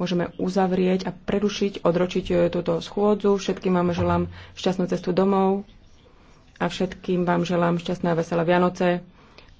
môžeme uzavrieť a prerušiť, odročiť e, túto schôdzu. Všetkým vám želám šťastnú cestu domov a všetkým vám želám šťastné a veselé Vianoce.